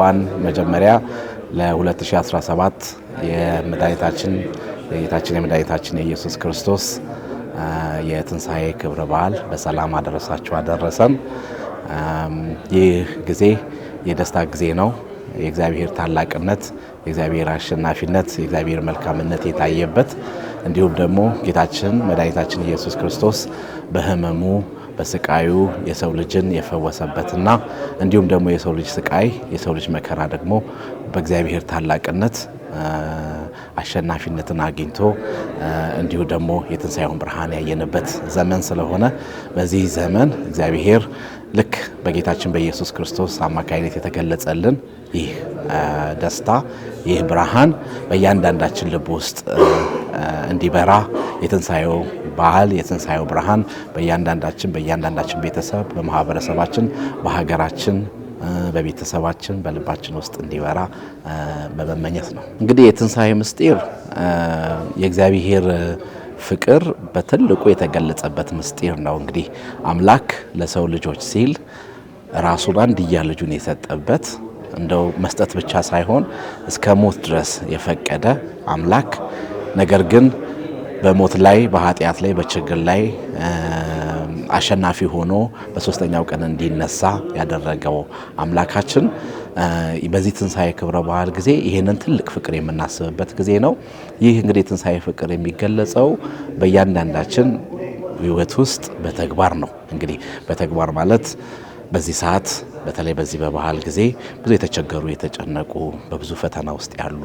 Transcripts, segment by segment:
እንኳን መጀመሪያ ለ2017 የመድኃኒታችን የጌታችን የመድኃኒታችን የኢየሱስ ክርስቶስ የትንሣኤ ክብረ በዓል በሰላም አደረሳችሁ አደረሰን። ይህ ጊዜ የደስታ ጊዜ ነው። የእግዚአብሔር ታላቅነት፣ የእግዚአብሔር አሸናፊነት፣ የእግዚአብሔር መልካምነት የታየበት እንዲሁም ደግሞ ጌታችን መድኃኒታችን ኢየሱስ ክርስቶስ በሕመሙ በስቃዩ የሰው ልጅን የፈወሰበትና እንዲሁም ደግሞ የሰው ልጅ ስቃይ የሰው ልጅ መከራ ደግሞ በእግዚአብሔር ታላቅነት አሸናፊነትን አግኝቶ እንዲሁ ደግሞ የትንሣኤውን ብርሃን ያየንበት ዘመን ስለሆነ በዚህ ዘመን እግዚአብሔር ልክ በጌታችን በኢየሱስ ክርስቶስ አማካይነት የተገለጸልን ይህ ደስታ ይህ ብርሃን በእያንዳንዳችን ልብ ውስጥ እንዲበራ የትንሣኤው በዓል የትንሣኤው ብርሃን በእያንዳንዳችን በእያንዳንዳችን ቤተሰብ በማህበረሰባችን በሀገራችን በቤተሰባችን በልባችን ውስጥ እንዲበራ በመመኘት ነው። እንግዲህ የትንሣኤ ምስጢር የእግዚአብሔር ፍቅር በትልቁ የተገለጸበት ምስጢር ነው። እንግዲህ አምላክ ለሰው ልጆች ሲል ራሱን አንድያ ልጁን የሰጠበት እንደው መስጠት ብቻ ሳይሆን እስከ ሞት ድረስ የፈቀደ አምላክ ነገር ግን በሞት ላይ በኃጢአት ላይ በችግር ላይ አሸናፊ ሆኖ በሶስተኛው ቀን እንዲነሳ ያደረገው አምላካችን በዚህ ትንሣኤ ክብረ በዓል ጊዜ ይህንን ትልቅ ፍቅር የምናስብበት ጊዜ ነው። ይህ እንግዲህ ትንሣኤ ፍቅር የሚገለጸው በእያንዳንዳችን ሕይወት ውስጥ በተግባር ነው። እንግዲህ በተግባር ማለት በዚህ ሰዓት በተለይ በዚህ በባህል ጊዜ ብዙ የተቸገሩ የተጨነቁ በብዙ ፈተና ውስጥ ያሉ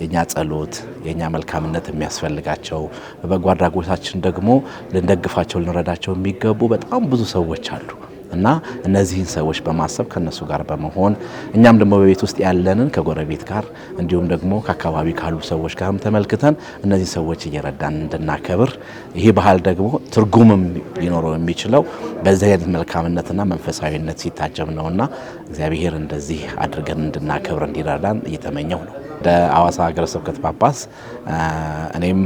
የእኛ ጸሎት የእኛ መልካምነት የሚያስፈልጋቸው በበጎ አድራጎታችን ደግሞ ልንደግፋቸው ልንረዳቸው የሚገቡ በጣም ብዙ ሰዎች አሉ። እና እነዚህን ሰዎች በማሰብ ከነሱ ጋር በመሆን እኛም ደግሞ በቤት ውስጥ ያለንን ከጎረቤት ጋር እንዲሁም ደግሞ ከአካባቢ ካሉ ሰዎች ጋርም ተመልክተን እነዚህ ሰዎች እየረዳን እንድናከብር ይሄ ባህል ደግሞ ትርጉምም ሊኖረው የሚችለው በዚህ አይነት መልካምነትና መንፈሳዊነት ሲታጀብ ነውና እግዚአብሔር እንደዚህ አድርገን እንድናከብር እንዲረዳን እየተመኘው ነው። በአዋሳ ሀገረ ስብከት ጳጳስ እኔም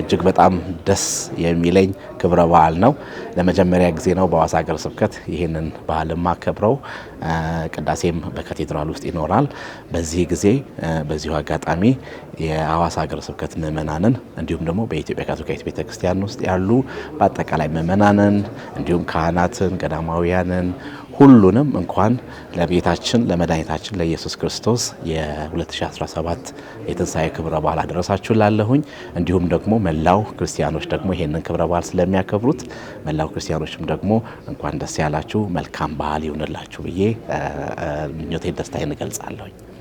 እጅግ በጣም ደስ የሚለኝ ክብረ በዓል ነው። ለመጀመሪያ ጊዜ ነው በአዋሳ ሀገረ ስብከት ይህንን በዓል ማከብረው። ቅዳሴም በካቴድራል ውስጥ ይኖራል። በዚህ ጊዜ በዚሁ አጋጣሚ የአዋሳ ሀገረ ስብከት ምእመናንን እንዲሁም ደግሞ በኢትዮጵያ ካቶሊካዊት ቤተክርስቲያን ውስጥ ያሉ በአጠቃላይ ምእመናንን እንዲሁም ካህናትን፣ ገዳማውያንን ሁሉንም እንኳን ለቤታችን ለመድኃኒታችን ለኢየሱስ ክርስቶስ የ2017 የትንሣኤ ክብረ በዓል አደረሳችሁ ላለሁኝ እንዲሁም ደግሞ መላው ክርስቲያኖች ደግሞ ይሄንን ክብረ በዓል ስለሚያከብሩት መላው ክርስቲያኖችም ደግሞ እንኳን ደስ ያላችሁ መልካም በዓል ይሁንላችሁ ብዬ ምኞቴን ደስታዬን እገልጻለሁኝ።